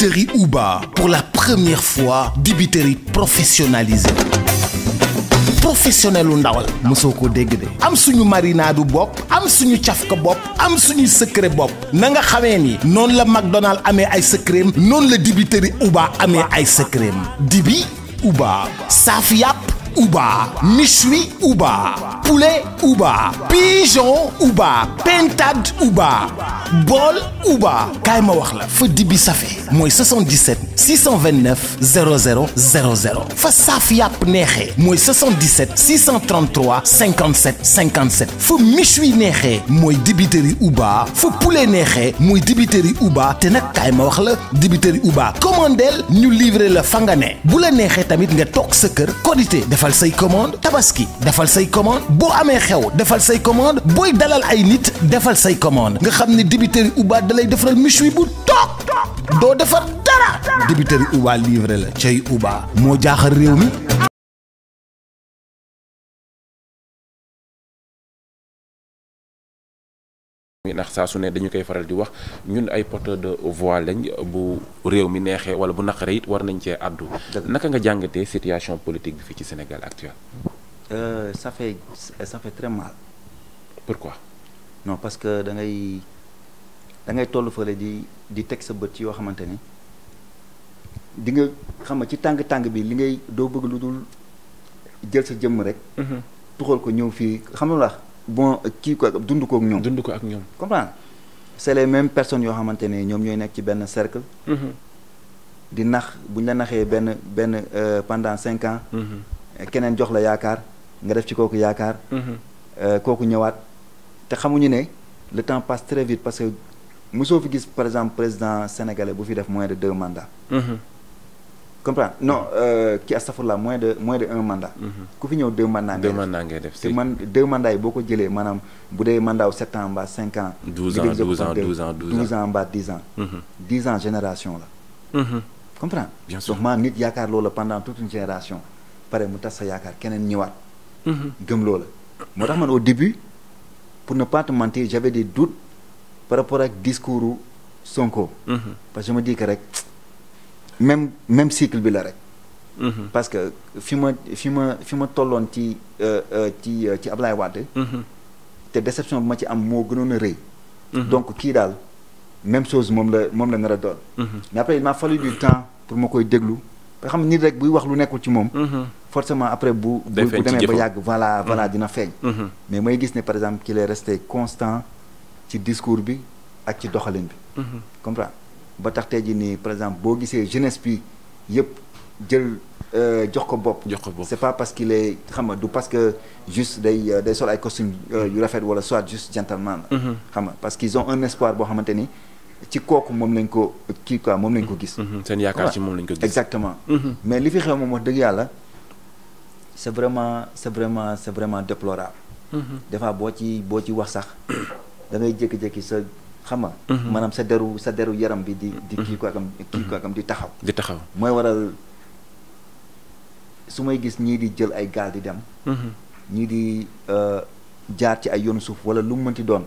dibiterie Uba pour la première fois dibiterie professionnalisée professionnel u ndawal mosoo ko dégg de am suñu marinaadu bopp am suñu cafka bopp am suñuy secret bopp na nga xamee nii noonu la McDonald amee ay secret noonu la dibiterie Uba amee ay secret dibi Uba saaf yàpp Ouba, méchoui Ouba, poulet Ouba, pigeon Ouba, pintade Ouba, bool Ouba. kaay ma wax la fa dibi safee mooy 77 629 00 00 fa saaf yàpp neexee mooy 77 633 57 57 fa méchoui neexee mooy dibiteri Ouba fa poulet neexee mooy dibiteri Ouba te nag kaay ma wax la dibiteri Ouba commandeel ñu livrer la fa nga ne bu la neexee tamit nga toog sa kër qualité defal say commande tabaski defal say commande boo amee xew defal say commande booy dalal ay nit defal say commande nga xam ne dibitëri Uba dalay defaral méchoui bu toog doo defar dara dibitëri Uba livré la cay Uba moo jaaxal réew mi muy ndax saa su ne dañu koy faral di wax ñun ay porteur de voix lañ bu réew mi neexee wala bu naqaree it war nañ cee àddu naka nga jàngatee situation politique bi fii ci Sénégal actuel euh, ça fait ça fait très mal pourquoi non parce que da ngay da ngay toll fale di di teg sa bët ci yoo xamante ni di nga xam ci tàng-tàng bi li ngay doo bëgg lu dul jël sa jëmm rek mhm. tuxal ko ñëw fii xam bon kii ko dund ko ak ñoom. dund ko ak ñoom. comprendre c'est les mêmes personnes yoo xamante ne ñoom ñooy nekk ci benn cercle. Mm-hmm. di nax bu ñu la naxee benn benn euh, pendant cinq ans. Mm-hmm. keneen jox la yaakaar nga def ci kooku yaakaar. Mm-hmm. Euh, kooku ñëwaat te xamuñu ne le temps passe très vite parce que mosoo fi gis par exemple président sénégale bu fi def moins de deux mandats. comprends non mm-hmm. euh, kii astafurlah moins de moins de un mandat. Mm-hmm. ku fi ñëw deux mandats. deux mandats ngay def te man deux mandats yi boo ko jëlee maanaam bu dee mandat wu ans mbaa cinq ans. douze ans douze mm-hmm. ans génération la. comprends donc maa nit yaakaar loola pendant toute une génération pare mu tas yaakaar keneen ñëwaat. gëm loola. moo tax man au début pour ne pas te mentir j'avais des par rapport ak discours Sonko. parce que je me dis rek. même même cycle bi la rek. Mm-hmm. parce que fi ma fi ma fi ma tolloon ci euh, euh, ci euh, ci di mm-hmm. te déception bi ma ci am moo gënoon a rëy. Mm-hmm. donc kii daal même chose moom la moom la nar a doon. mais après il m'a fallu du temps pour ma koy déglu. ba xam nit rek buy wax lu nekkul ci moom. forcément après bu. bu demee ba yàgg voilà voilà dina feeñ. mais mooy gis ne par exemple qu'il est resté constant ci discours bi ak ci doxalin bi. ba tax tey jii nii par exemple boo gisee jeunesse bi yëpp jël euh, jox ko bopp. jox ko bopp c'est pas parce qu'il est xam nga du parce que juste day euh, day sol ay costume euh, mm-hmm. yu rafet wala soit juste gentleman la. Mm-hmm. xam nga parce qu'ils ont un espoir boo xamante ni ci kooku moom lañ ko kii quoi moom lañ ko gis. Mm-hmm. seen yaakaar ci moom lañ ko gis exactement. mais li fi xew moom wax dëgg yàlla c'est vraiment c'est vraiment c'est vraiment déplorable. des boo ci boo ci wax sax da ngay jékki sa. xam nga. Mm-hmm. maanaam sa deru sa deru yaram bi di. di kii ko akam mm-hmm. kii di taxaw. di taxaw mooy waral su may gis ñii di jël ay gaal di dem. Mm-hmm. ñii di euh, jaar ci ay yoonu suuf wala lu mu mënti doon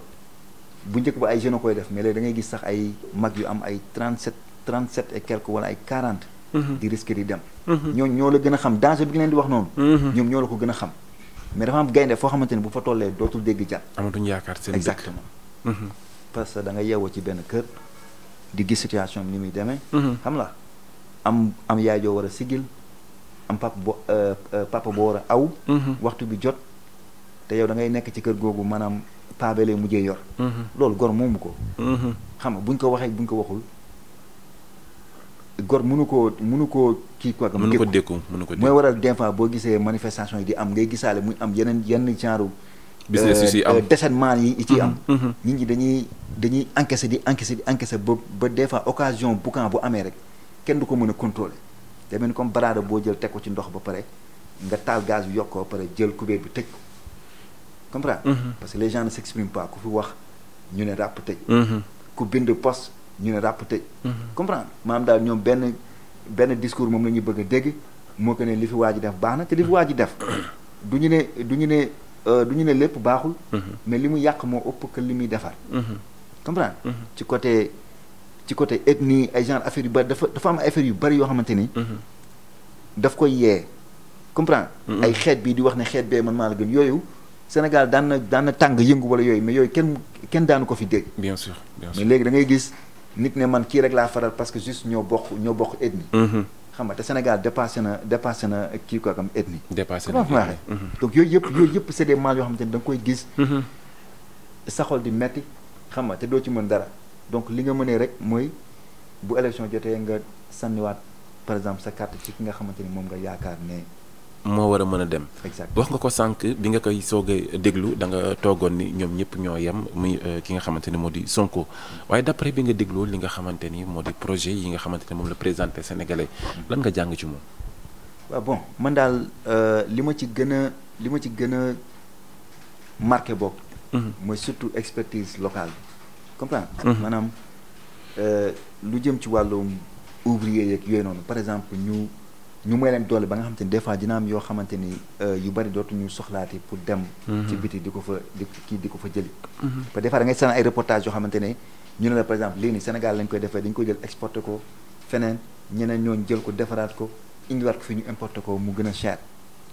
bu njëkk ba ay jeunes koy def mais léegi da gis sax ay mag yu am ay trente sept trente sept et quelque wala ay quarante. di risque di dem. ñoo ñoo la gën a xam danger bi nga leen di wax noonu. ñoom ñoo la ko gën a xam. mais dafa am gaynde foo xamante ne bu fa tollee dootul dégg jàpp. amatuñ yaakaar parce que da nga yeewoo ci benn kër di gis situation bi ni muy demee. Mhm. xam la am am yaay joo war a sigil am papa bo euh, euh, papa boo war a aw. Mhm. waxtu bi jot te yow da nekk ci kër googu maanaam paabe lay mujjee yor. Mhm. loolu gor moomu ko. xam nga buñ ko waxee buñ ko waxul. gor mënu koo mënu koo kii quoi. mënu ko dékku mënu ko dékku mooy waral des fois boo gisee manifestation yi di am ngay gisaale muy am yeneen yenn genre. business yu si euh, am euh, déchaînement yi yi ciy am. Mm-hmm. Mm-hmm. nit ñi dañuy dañuy encaisser di encaisser di encaisser ba ba des fois occasion boucan bu amee rek kenn du ko mën a contrôler day mel ni comme baraada boo jël teg ko ci ndox ba pare nga taal gaz bi yokk ba pare jël kubéer bi tëj ko comprendre. Mm-hmm. parce que les gens ne s'expriment pas ku fi wax ñu ne ràpp tëj. ku bind poste ñu ne ràpp tëj. comprendre maam daal ñoom benn benn discours moom la bëgg a dégg moo ko ne li fi waa ji def baax na te li fi waa ji def Euh, du ñu ne lépp baaxul. Mhm. mais li mu yàq moo ëpp que li muy defar. Mhm. comprendre mhm. ci côté ci côté ethnie ay genre affaire yu bari dafa dafa am affaire yu bari yoo xamante ni. daf koy yee comprendre ay xeet bii di wax ne xeet bee man maa la gën yooyu Sénégal daan na daan tàng yëngu wala yooyu mais yooyu kenn kenn daanu ko fi dégg. mais léegi da ngay gis nit ne man kii rek laa faral parce que juste ñoo bokk ñoo bokk ethnie. xam nga te Sénégal dépassé na dépassé na kii quoi comme ethnie. dépassé na ethnie waxee. donc yooyu yëpp yooyu yëpp c'est des yoo xamante ni da nga koy gis. Mm-hmm. sa xol di metti xam nga te doo ci mën dara donc li nga mënee rek mooy bu élection jotee nga sànniwaat par exemple sa carte ci ki nga xamante ni moom nga yaakaar ne. moo war a mën a dem. wax nga ko sànq bi nga koy soog déglu da nga toogoon ni ñoom ñëpp ñoo yem muy euh, ki nga xamante ni moo di Sonko waaye d'après bi nga déglu li nga xamante ni moo di projet yi nga xamante ni moom la présenté sénégalais lan nga jàng ci moom. waaw bon man daal euh, li ma ci gën a li ma ci gën a marqué bopp. Mhm. mooy surtout expertise locale bi comprendre. Mhm. Euh, lu jëm ci wàllum ouvrier yooyu noonu par exemple ñu may leen doole ba nga xamante ni des fois dina am yoo xamante ni euh, yu bari dootuñu soxlaati pour dem. Mhm. ci biti di ko fa di kii di ko fa jëli. Mhm. parce que des fois da ngay seen ay reportage yoo xamante ne ñu ne la par exemple léegi nii Sénégal lañ koy defee dañ koy jël exporté ko feneen ñeneen ñooñu jël ko defaraat ko indiwaat ko fi ñu importé ko mu gën a cher.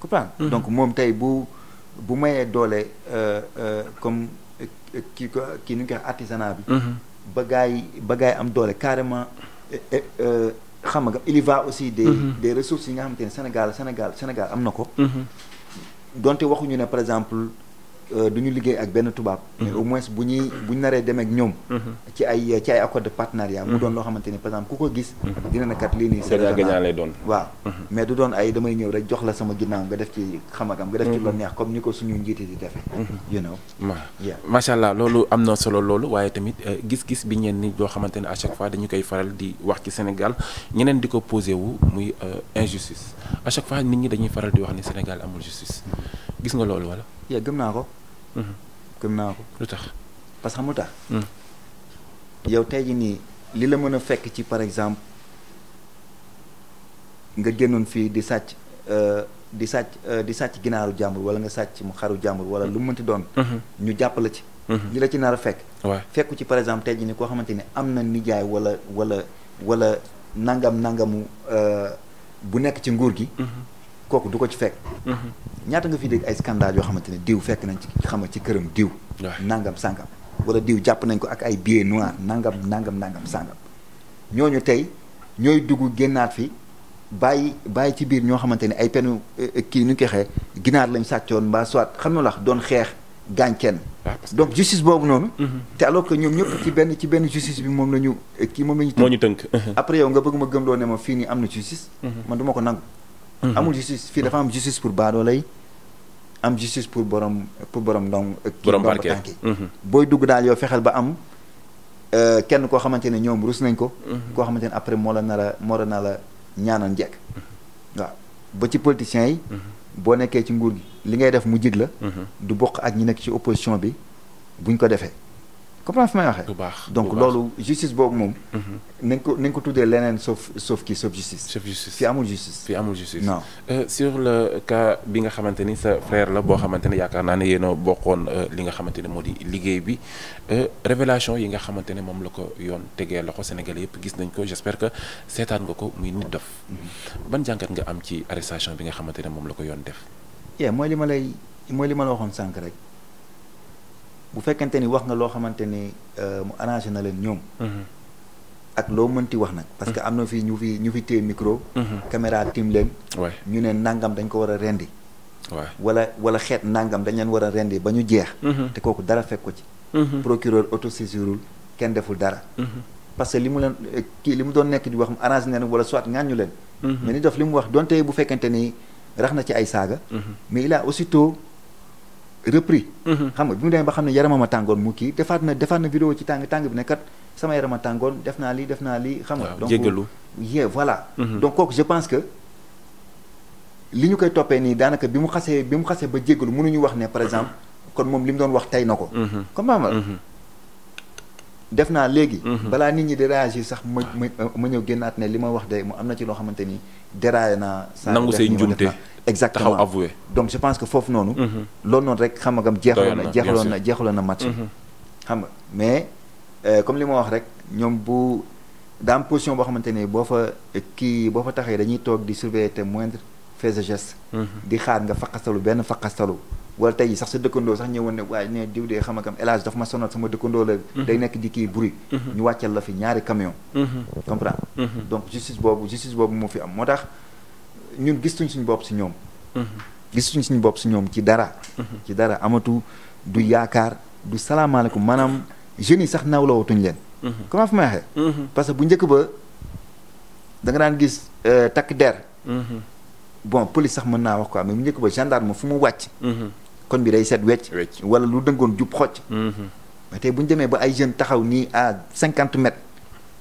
comprendre mhm. donc moom tey bu bu mayee doole euh, euh, comme kii ko kii nu ñu koy artisanat bi. ba gaay ba xam nga il y va aussi des mhm. des ressources yi nga xamante ne Sénégal Sénégal Sénégal am na ko mhm. donte waxuñu ne par exemple Euh, du ñu liggéey ak benn tubaab. Mm-hmm. mais au moins bu ñuy bu ñu naree demee ak ñoom. Mm-hmm. ci ay ci ay accord de partenariat. mu mm-hmm. doon loo xamante ni par exemple ku ko gis. dina ne nii. Sénégal lay doon waaw. mais du doon ay damay ñëw rek la sama ginnaaw nga def ci xamagam nga def ci lu neex comme ni ko suñu njiiti di defee. you know macha allah loolu am na solo loolu waaye tamit euh, gis-gis bi ñeen ni yoo xamante ne à chaque fois dañu koy faral di wax ci Sénégal ñeneen di ko posé wu muy euh, injustice à chaque fois nit ñi dañuy faral di wax ni Sénégal amul justice gis nga loolu wala. yaa gëm naa ko. gëm naa ko. lu tax parce que xamul tax. Hmm. yow tey ji nii li la mën a fekk ci par exemple nga génnoon fii di sàcc euh, di sàcc euh, di sàcc ginaaru jàmbur wala nga sàcc mu xaru jàmbur wala lu mu doon. Hmm. ñu jàppale ci. Hmm. li la ci nar a fekk. waaw fekku ci par exemple tey jii nii koo xamante ni am na nijaay walla wala wala nangam nangamu euh, bu nekk ci nguur gi. kooku du ko ci fekk. ñaata nga fi dégg ay scandale yoo xamante ne diw fekk nañ ci xama ci këram diw nangam sàngam wala diw jàpp nañ ko ak ay billets noirs nangam nangam nangam ñoo ñu tey ñooy dugg génnaat fi bàyyi bàyyi ci biir ñoo xamante ne ay penu eh, kii nu ñu koy xee ginaar lañ sàccoon mbaa soit xam nga lax doon xeex gaañ kenn ah, donc justice boobu noonu mhm. te alors que ñoom ñëpp ci benn ci benn justice bi moom la ñu eh, kii moom la ñu tënk après yow nga bëgg ma gëmloo ne ma fii nii am na justice mhm. Mm-hmm. amul justice fii dafa am justice pour baadoola yi am justice pour borom pour borom ndong euh, borom tànki mm-hmm. booy dugg daal yow fexeel ba am euh, kenn koo xamante ne ñoom rus nañ ko mm-hmm. koo xamante ne après moo la nar a moo la nar ñaanal njekk waaw ba ci politiciens yi boo nekkee ci nguur gi li ngay def mu jig la du bokk ak ñu nekk ci opposition bi buñ ko defee comprends fi may waxee. bu baax donc loolu justice boobu moom. Mhm. nañ ko nañ ko tuddee leneen sauf sauf kii sauf justice. sauf justice fi amul justice. fi amul justice non. Euh, sur le cas bi nga xamante ni sa frère la boo xamante ne yaakaar naa ne yéen bokkoon euh, li nga xamante ne moo di liggéey bi euh, révélation yi nga xamante ne moom la ko yoon tegee loxo sénégal yëpp gis nañ ko j'espère que seetaan nga ko muy nit dof mhm. ban jàngat nga am ci arrestation bi nga xamante ne moom la ko yoon def. eh mooy ma lay mooy li ma la waxoon sànq rek. bu fekkente ni wax nga loo xamante ni euh, mu arrangé na leen ñoom. Mm-hmm. ak loo mënti wax nag. parce que mm-hmm. am na fii ñu fi ñu fi téye micro. Mm-hmm. caméra tim leen. ñu ne nangam dañ ko war a rendi. wala wala xeet nangam dañ leen war a rendi ba ñu jeex. te kooku dara fekk ko ci. procureur autosaisirul kenn deful dara. parce que li mu leen eh, kii li mu doon nekk di wax mu arrangé na leen wala soit ŋàññu leen. mais ni def li mu wax donte bu fekkente ni rax na ci ay saaga. repris. Mm-hmm. xam nga bu ñu demee ba xam ne yaramam a tàngoon mu kii defaat na defaat na vidéo ci tàng tàng bi ne kat sama yaram a tàngoon def naa lii def naa lii. xam nga donc jégalu yee voilà. Mm-hmm. donc kooku je pense que li ñu koy toppee nii daanaka bi mu xasee bi mu xasee ba jégalu ñu wax ne par exemple mm-hmm. kon moom li mu doon wax tey na ko. comprendre def naa léegi. balaa nit ñi di réagir sax ma ma ma ñëw génnaat ne li ma wax de mu am na ci loo xamante ni déraillé naa. saa nangu say njumte exactement taxaw avoué donc je pense que foofu noonu. Mhm. loolu noonu rek xam nga na jeexaloon na match mhm. xam mais euh, comme li ma wax rek ñoom bu daa am position boo xamante ni boo fa kii boo fa taxee dañuy toog di surveiller te moindre fait a geste. Mhm. di xaar nga faqastalu benn faqastalu wala tey sax sa dëkkandoo sax ñëwoon ne waaye ne diw dee xam dafa ma sonal sama dëkkandoo la. day nekk di kii bruit. ñu wàccal la fi ñaari camion comprends donc justice boobu justice ñun gistuñ suñu bopp si ñoom. Mhm. gistuñ suñu bopp si ñoom ci dara. Mhm. ci dara amatu du yaakaar du salaamaaleykum maanaam jeunes yi sax nawlawatuñ leen. Mhm. comment fu may waxee. parce que bu njëkk ba da nga daan gis euh, takk der. bon police sax mën naa wax quoi mais bu njëkk ba gendarme fu mu wàcc. kon bi day set wecc. wala lu dëngoon jub xocc. mais tey bu ñu demee ba ay jeunes taxaw nii à cinquante mètres.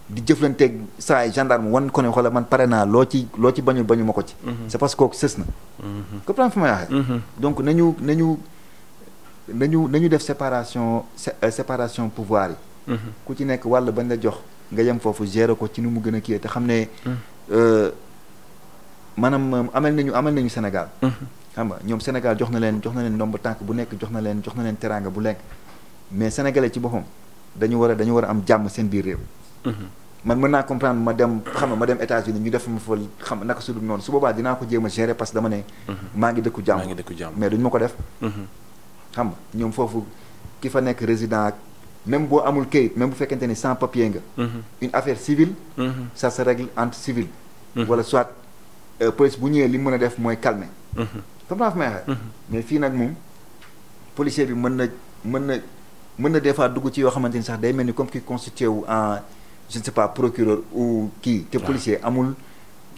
di jëflanteeg saa yi gendarme wan ko ne xoolal man pare naa loo ci loo ci bañu bañu ma ko ci. Mhm. c'est parce que kooku sës na. Mhm. comprendre fu may waxee. Mhm. donc nañu nañu nañu nañu def séparation euh, séparation pouvoir yi. ku ci nekk wàll bañ la jox nga yem foofu gérer ko ci nu mu gën a kii te xam ne. Euh, maanaam euh, amel nañu amel nañu Sénégal. xam nga ñoom Sénégal jox na leen jox na leen ndomb tànk bu nekk jox na leen jox na leen teraanga bu lekk mais sénégalais ci boppam dañu war a dañu war a am jàmm seen man mën naa comprendre ma dem xam ma dem États-Unis ñu def ma fa xam naka su dul noonu su boobaa dinaa ko jéem a gérer parce que dama ne. Mhm. maa ngi dëkku jàmm mais duñ ma ko def. Mhm. xam nga ñoom foofu ki fa nekk résident ak même boo amul kayit même bu fekkente ni sans papier nga. Mhm. une affaire civile. ça se règle entre civil. wala soit euh, police bu ñëwee li mën a def mooy calmer. comme naa may waxee. mais fii nag moom policier bi mën na mën na mën na des dugg ci je ne sais pas procureur ou kii te policier amul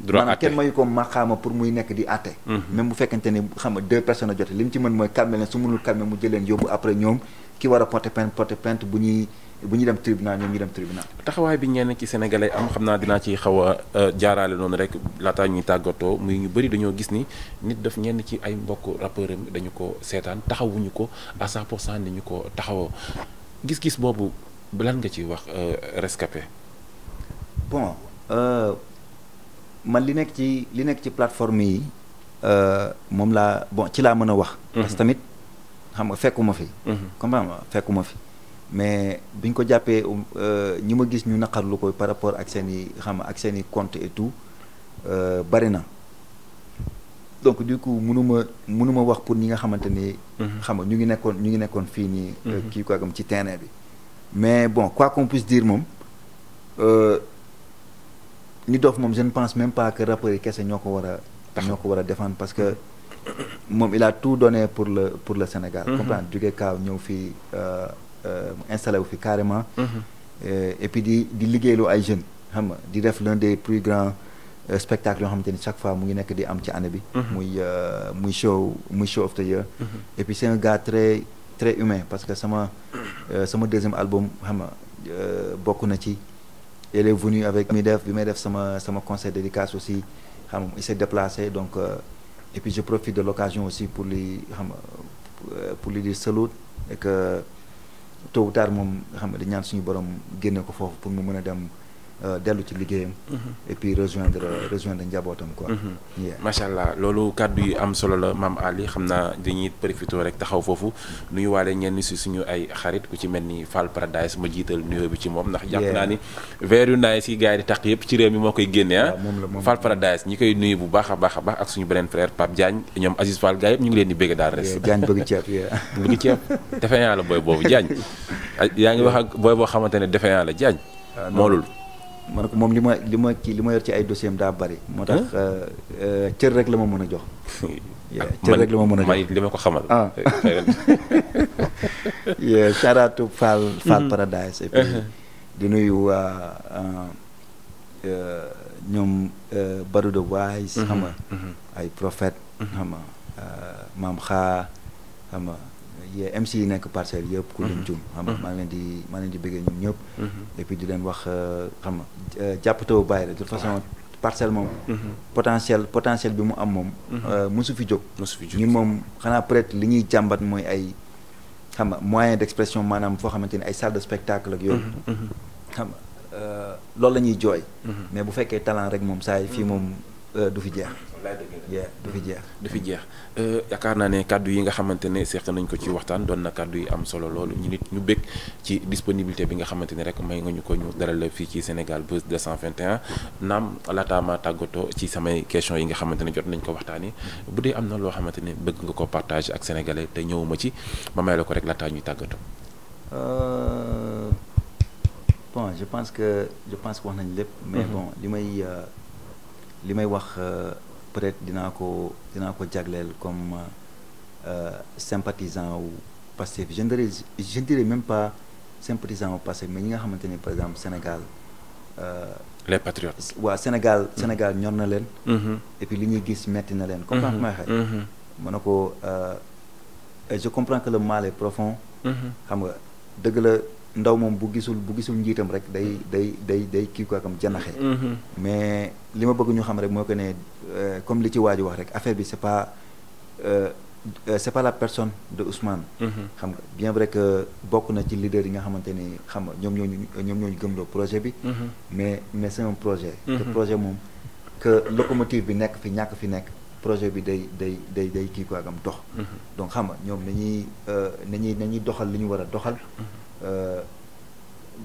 maanaam kenn mayu ko maqaama pour muy nekk di àtte mhm. même bu fekkente ni xam nga deux personnes a jote li mu ci mën mooy calmer leen su mënul calmer mu jël leen yóbbu après ñoom ki war a pen plainte porter plainte bu ñuy bu ñu dem tribunal ñoom ñu dem tribunal. taxawaay bi ñenn ci sénégalais am xam naa dinaa ci xaw a euh, jaaraale noonu rek laataa ñuy tàggatoo muy ñu bëri dañoo gis ni nit daf ñenn ci ay mbokk rappeur am dañu ko seetaan taxawuñu ko à 100 pour cent ni ñu ko taxawoo gis-gis boobu lan nga ci wax euh, rescapé. bon euh, man li nekk ci li nekk ci plateforme yi euh, moom laa bon ci laa mën a wax. Mhm. parce que tamit xam nga fekkuma fi. Mhm. comprendre fekkuma fi mais biñ ko jàppee euh, ñi ma gis ñu naqarlu ko par rapport ak seen i xam ak seen i compte et tout bari donc du coup mënuma mënuma wax pour ñi nga xamante ni. Mhm. xam nga ñu ngi nekkoon ñu ngi nekkoon fii nii. kii quoi comme ci terrain bi. mais bon quoi qu'on puisse dire moom. li dof moom je ne pense même pas que rappeurs kese ñoo ko war a ñoo ko war a parce que moom il a tout donné pour le pour le Sénégal mm-hmm. comprendre jóge kaaw ñëw fii euh, euh, mu fi carrément mm-hmm. euh, et di di liggéeyloo ay jeunes xam nga di def l'un des plus grands spectacle yoo xamante ni chaque fois mu ngi nekk di am ci année bi mm-hmm. muy muy show muy show of the year et puis c'est humain parce que sama sama deuxième album xam nga ci elle est venue avec Midef bi may def sama sama conseil dédicace aussi xam il s'est déplacé donc euh, et puis je profite de l'occasion aussi pour lui xam euh, pour lui dire salut et que tôt ou tard moom xam di ñaan suñu borom génne ko foofu pour mu mën a dem Euh, dellu ci liggéeyam. Mm-hmm. et puis rejoindre rejoindre njabootam quoi. Mm-hmm. macha allah loolu kàddu yu am solo la maam Ali xam naa dañuy profité rek taxaw foofu waale ñenn si suñu ay xarit ku ci mel ni Fall Paradise ma jiital nuyoo bi ci moom ndax. jàpp naa ni verre yu naay si gars yëpp ci réew mi moo koy génne ah. Fall Paradise ñi koy nuyu bu baax a baax a ak suñu beneen frère Pape Diagne ñoom Aziz Fall gars yëpp leen di bëgg daal res. Diagne bëgg ceeb bëgg ceeb defeyaan la booy boobu Diagne yaa ngi wax ak booy boo xamante ne defeyaan la Diagne ah, moolul ma ne ko moom li ma li ma kii li ma yor ci ay dossier am daa bari. moo tax euh, euh, cër rek la ma mën a jox. Ah, cër rek la ma mën a jox li ma ko xamal. ah caaraatu Fall Fall Paradise. et puis uh-huh. di nuyu waa euh, ñoom Badou de Wise. Uh-huh. xam uh-huh. ay prophète. xam maam xaa yee MC yi nekk parcelle yëpp. ku lim mhm. jum xam nga maa ngi leen di maa leen di bëggee ñoom ñëpp. Mhm. et puis di leen wax euh, xam nga euh, jàppatoo bàyyi la de toute façon. parcelle moom mhm. potentiel potentiel bi mu am moom euh, mosu fi jóg ñun moom xanaa peut li ñuy jàmbat mooy ay xam nga moyen d'expression maanaam foo xamante ni ay salle de spectacle ak yooyu xam nga loolu la ñuy jooy mais bu fekkee talent rek moom saa yi fii moom du fi jeex Mm. jeex du fi jeex du fi jeex yaakaar naa ne kàddu yi nga xamante ne seq nañ ko ci waxtaan doon na kàddu yi am solo loolu ñu nit ñu bëgg ci disponibilité bi nga xamante ne rek may nga ñu ko ñu dalal fii ci Sénégal Buzz 221 naam laataama tàggatoo ci samay question yi nga xamante ne jot nañ ko waxtaani bu dee am na loo xamante ne bëgg nga ko partage ak sénégalais te ñëwuma ci ma may la ko rek laataa ñu tàggatoo euh, bon je pense que je pense que wax nañ lépp mais mm-hmm. bon li may euh, li may wax euh, peut-être dinaa ko dinaa ko jagleel comme euh, sympathisant wu Pastef je ne dirais je même pas sympathisant wu Pastef mais ñi nga xamante ni par exemple Sénégal. Euh, les patriotes. waa Sénégal Sénégal ñor na leen. Mm-hmm. et puis ñuy gis metti na leen. comprendre ma xëy. Mm-hmm. Mm-hmm. ma ne ko euh, je comprends que le mal est profond. xam nga dëgg la. ndaw moom bu gisul bu gisul njiitam rek day day day day kii ko am janaxe mhm. mais li ma bëgg ñu xam rek moo ko ne euh, comme li ci waaju wax rek affaire bi c'est pas euh, euh, c'est la personne de Ousmane. Mhm. xam nga bien vrai que bokk na ci leader yi nga xamante ni xam nga ñoom ñooñu ñoom ñooñu gëmloo projet bi. Mhm. mais mais c'est un projet. te projet moom que locomotive bi nekk fi ñàkk fi nekk. projet bi day day day day kii ko am dox. donc xam nga ñoom nañuy nañuy nañuy doxal li ñu war a doxal. Euh,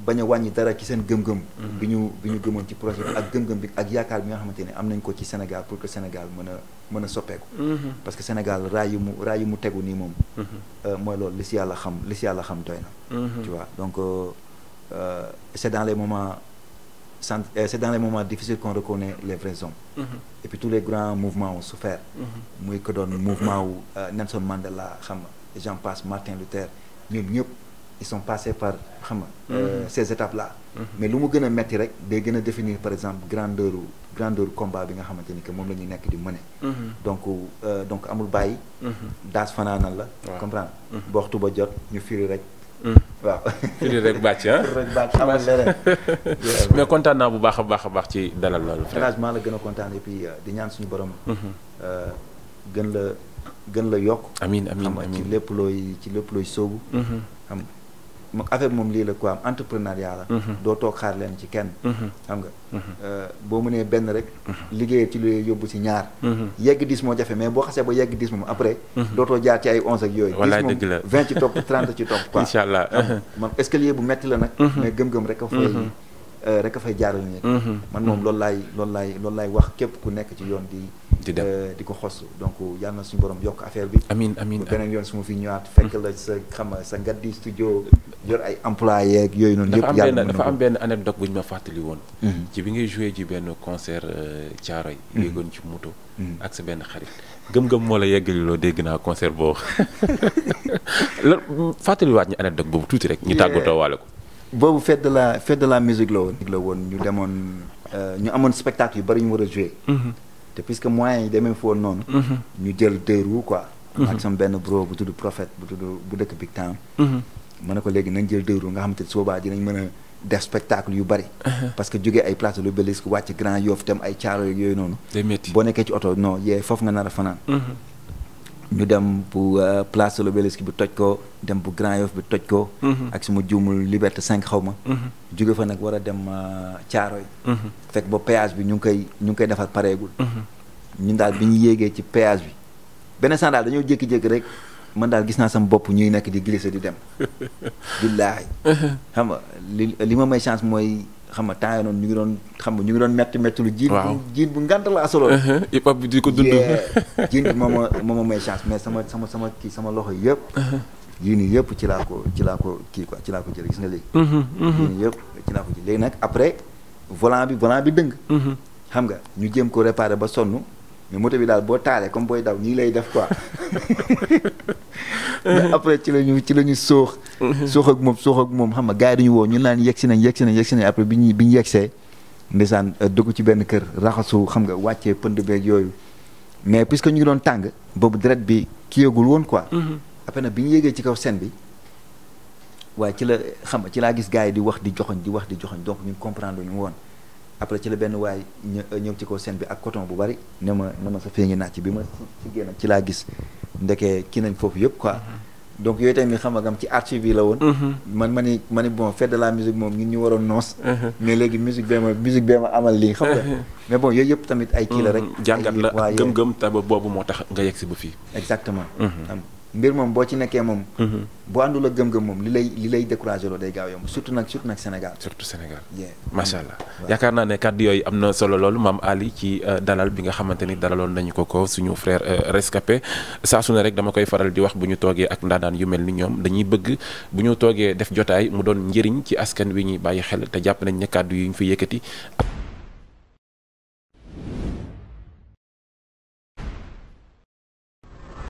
bañ wàññi dara ci seen gëm-gëm. Mhm. bi ñu bi ñu gëmoon ci projet ak gëm-gëm bi ak yaakaar bi nga xamante ne am nañ ko ci Sénégal pour que Sénégal mën a mën a soppeeku. Mhm. parce que Sénégal raay yu mu raay yu mu tegu nii moom. Mhm. Euh, mooy loolu li si yàlla xam li si yàlla xam doy na. tu vois donc euh, c'est dans les moments sant c'est dans les moments difficiles qu'on reconnaît les vrais hommes. et puis tous les grands mouvements ont souffert. muy ko doon mouvement wu Nelson Mandela xam nga j'en passe Martin Luther ñoom ils sont passés par xam nga mm-hmm. euh, ces étapes là mm-hmm. mais lu mu gën a metti rek day gën a définir par exemple grandeur grandeur combat bi nga xamante ni que moom la ñuy nekk di mëne mm-hmm. donc euh, donc amul bàyyi daas fanaanal la comprendre ba waxtu ba jot ñu firi rek waaw firi rek bàcc rek bàcc amal leneen mais kontaan naa bu baax a baax a baax ci dalal loolu franchement la gën a kontaan et puis euh, di ñaan suñu borom gën la gën la yokk amiin amiin amiin ci lépp looy ci lépp looy sóobu xam moom affaire moom lii la quoi am entrepreneuriat la. Mhm. doo toog xaar leen ci kenn. Mhm. xam nga mhm. euh, boo mënee benn rek. liggéey ci lu yóbbu si ñaar. yegg dis moo jafe mais boo xasee ba yegg dis moom après. dootoo jaar ci ay onze ak yooyu. wallaay moom vingt ci topp trente ci topp quoi. incha allah man escalier bu metti la nag. mais gëm-gëm rek a fay. Euh, rek a fay jaarale nit mhm. man moom loolu laay lool laay loolu laay wax képp ku nekk ci yoon di di dem euh, di ko xos donc yàlla na suñu borom yokk affaire bi amiin amiin beneen yoon su ma fi ñëwaat fekk la sa xam sa ngat di studio yor ay employé ak yooyu noonu yëpp dafa am benn anecdote bu ñu ma fàttali woon mhm. ci bi ngay joué ji benn concert euh, Thiaroye mhm. yéegoon ci moto ak sa benn xarit gëm-gëm moo la yeggali loo dégg naa concert boobu la fàttaliwaat ñu anecdote boobu tuuti rek ñu tàggatoo waale ko boobu fête de la fête de la musique la woon. la woon ñu demoon euh, ñu amoon spectacle yu bari ñu war a jouer. Mm-hmm. te puisque moyens yi demee foofu noonu. Mm-hmm. ñu jël deux roues quoi. Mm-hmm. ak sama benn bu tudd bu dëkk Big Town. mën léegi nañ jël deux nga xamante ne soobaa dinañ mën a def spectacle yu bari. Uh-huh. parce que jógee ay place de l'Obélisque wàcc Grand yooyu noonu. day ci oto non yee foofu nga nar a fanaan. ñu dem bu euh, place de l'Obélisque bi toj ko dem bu Grand Yoff bi toj ko mhm. ak suma juumul Liberté 5 xaw ma mhm. jóge fa nag war a dem Caaroy euh, mhm. fekk ba péage bi ñu ngi koy ñu ngi koy defar pareegul ñun daal bi ñu yéegee ci péage bi benn saan daal dañoo jékki-jékki rek man daal gis naa sama bopp ñuy nekk di glisser di dem billaahi xam li li ma may chance mooy xam nga temps noonu ñu ngi doon xam nga ñu ngi doon métti métti lu. jiin bu jiin bu ngant la asoloo. Uh-huh. hip hop bi di ko dund. jiin bi moom moo moom moo may chance mais sama sama sama kii sama loxo yëpp. Uh-huh. yii nii yëpp ci laa ko ci laa ko kii quoi ci nga léegi. Uh-huh. yii nii ci laa ko jëlee léegi nag après volant bi volant bi dëng. xam nga ñu jéem ko réparé ba sonn. mais moto bi daal boo taalee comme booy daw nii lay def quoi après ci la ñu ci la ñu soox. Mhm. soox ak moom soox ak moom xam nga gars yi dañu woo ñu naan yegg si nañ yegg si nañ yegg si nañ après bi ñu bi ñu euh, dugg ci benn kër raxasu xam nga wàccee pënd beeg yooyu mais que ñu ngi doon tàng boobu deret bi ki yëgul woon quoi. après mhm. nag bi ñu yéegee ci kaw seen bi waaye ci la xam nga ci laa gis gars yi di wax di joxoñ di wax di joxoñ donc ñu comprendre ñu woon. après ci la benn waay euh, ñëw ci kaw seen bi ak coton bu bari ne ma ne ma sa fee ngi naaj ci bi ma si génn ci laa gis ndekee kii nañ foofu yëpp quoi mm-hmm. donc yooyu tamit xam nga ci archive woon mm-hmm. man ma ni ma ni bon fête de la musique moom ñun ñu waroon noos mm-hmm. léegi musique bee ma musique ma amal lii xam nga mais bon yooyu yëpp tamit ay kii la rek jàngat la gëm-gëm taba boobu moo tax nga yegg si ba fii exactement mbir moom boo ci nekkee moom. Mhm. boo àndul ak gëm-gëm moom li lay li lay découragé loo day gaaw yomb surtout nag surtout nag Sénégal. surtout Sénégal. macha allah mm-hmm. yaakaar naa ne kàddu yooyu am na solo loolu maam Ali ci euh, dalal bi nga xamante ni dalaloon nañu ko ko suñu frère euh, rescapé saa su ne rek dama koy faral di wax bu ñu toogee ak ndaanaan yu mel ni ñoom dañuy bëgg bu ñu toogee def jotaay mu doon njëriñ ci askan wi ñuy bàyyi xel te jàpp nañ ne kàddu yi ñu fi yëkkati.